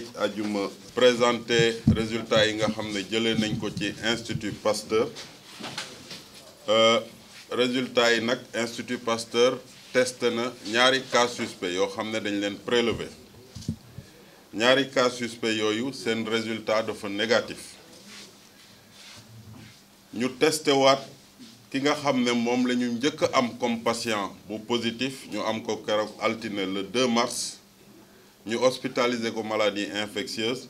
tey présenter présenté résultat yi nga xam ne jëlee nañ ko ci institut Pasteur euh, résultat yi nag institut Pasteur testé na ñaari cas suspect yoo xam ne dañ leen prélevé ñaari cas suspect yooyu seen résultat négatif ñu testé waat ki nga xam ne moom la am comme patient bu positif ñu am ko keroog le 2 mars nous hospitalisé ko maladie infectieuse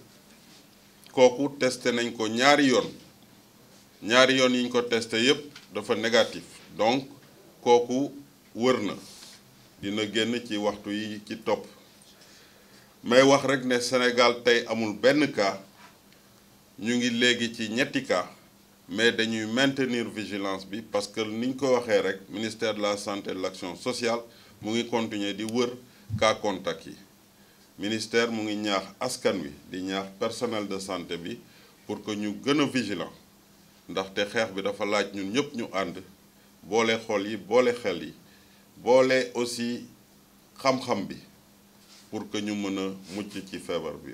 kooku testé nañ ko ñaari yoon ñaari ko testé yépp dafa négatif donc kooku wër na dina génn ci waxtu yi ci top. may wax rek Sénégal tey amul benn cas ñu ngi léegi ci ñetti cas mais dañuy maintenir vigilance parce que nous avons ko que rek ministère de la santé et de l'action sociale mu ngi continuer di wër cas ministère mu ngi ñaax askan wi di ñaax personnel de santé bi pour que ñu gën a vigilant ndaxte xeex bi dafa laaj ñun ñëpp ñu ànd boole xol yi boole xel yi boole aussi xam-xam bi pour que ñu mën a mucc ci feebar bi.